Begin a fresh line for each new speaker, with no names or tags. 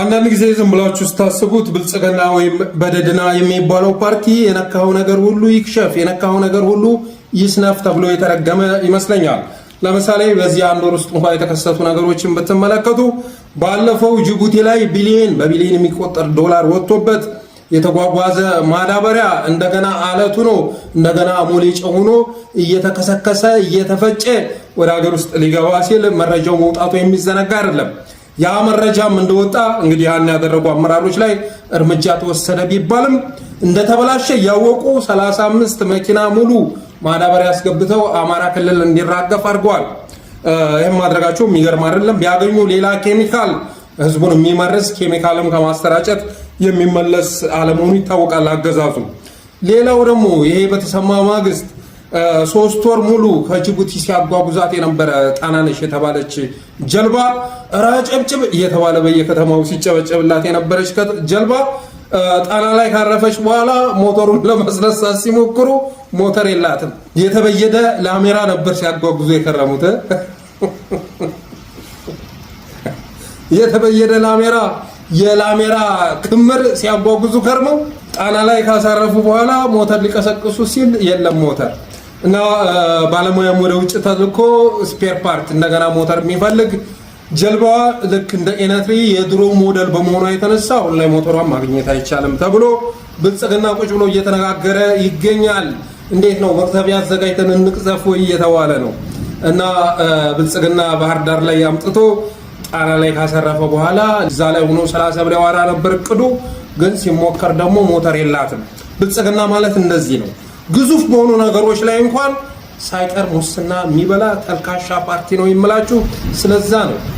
አንዳንድ ጊዜ ዝም ብላችሁ ስታስቡት ብልጽግና ወይም በደድና የሚባለው ፓርቲ የነካው ነገር ሁሉ ይክሸፍ፣ የነካው ነገር ሁሉ ይስነፍ ተብሎ የተረገመ ይመስለኛል። ለምሳሌ በዚህ አንድ ወር ውስጥ እንኳ የተከሰቱ ነገሮችን ብትመለከቱ ባለፈው ጅቡቲ ላይ ቢሊየን በቢሊየን የሚቆጠር ዶላር ወጥቶበት የተጓጓዘ ማዳበሪያ እንደገና አለቱ ነው እንደገና ሞሌ ጨውኖ እየተከሰከሰ እየተፈጨ ወደ ሀገር ውስጥ ሊገባ ሲል መረጃው መውጣቱ የሚዘነጋ አይደለም። ያ መረጃም እንደወጣ እንግዲህ ያን ያደረጉ አመራሮች ላይ እርምጃ ተወሰደ ቢባልም እንደተበላሸ ያወቁ 35 መኪና ሙሉ ማዳበሪያ አስገብተው አማራ ክልል እንዲራገፍ አድርገዋል። ይህም ማድረጋቸው የሚገርም አይደለም። ቢያገኙ ሌላ ኬሚካል ህዝቡን የሚመርስ ኬሚካልም ከማሰራጨት የሚመለስ አለመሆኑ ይታወቃል አገዛዙ። ሌላው ደግሞ ይሄ በተሰማ ማግስት ሶስት ወር ሙሉ ከጅቡቲ ሲያጓጉዛት የነበረ ጣናነሽ የተባለች ጀልባ ራጨብጭብ እየተባለ በየከተማው ሲጨበጨብላት የነበረች ጀልባ ጣና ላይ ካረፈች በኋላ ሞተሩን ለማስነሳት ሲሞክሩ ሞተር የላትም። የተበየደ ላሜራ ነበር ሲያጓጉዙ የከረሙት። የተበየደ ላሜራ የላሜራ ክምር ሲያጓጉዙ ከርመው ጣና ላይ ካሳረፉ በኋላ ሞተር ሊቀሰቅሱ ሲል የለም ሞተር እና ባለሙያም ወደ ውጭ ተልኮ ስፔር ፓርት እንደገና ሞተር የሚፈልግ ጀልባዋ ልክ እንደ ኤነትሪ የድሮ ሞዴል በመሆኗ የተነሳ አሁን ላይ ሞተሯን ማግኘት አይቻልም ተብሎ ብልጽግና ቁጭ ብሎ እየተነጋገረ ይገኛል። እንዴት ነው መቅዘፊያ አዘጋጅተን እንቅዘፍ ወይ እየተባለ ነው። እና ብልጽግና ባህር ዳር ላይ አምጥቶ ጣና ላይ ካሰረፈ በኋላ እዛ ላይ ሆኖ ሰላሳ ብለ ዋራ ነበር እቅዱ። ግን ሲሞከር ደግሞ ሞተር የላትም። ብልጽግና ማለት እንደዚህ ነው። ግዙፍ በሆኑ ነገሮች ላይ እንኳን ሳይቀር ሙስና የሚበላ ተልካሻ ፓርቲ ነው የምላችሁ። ስለዛ ነው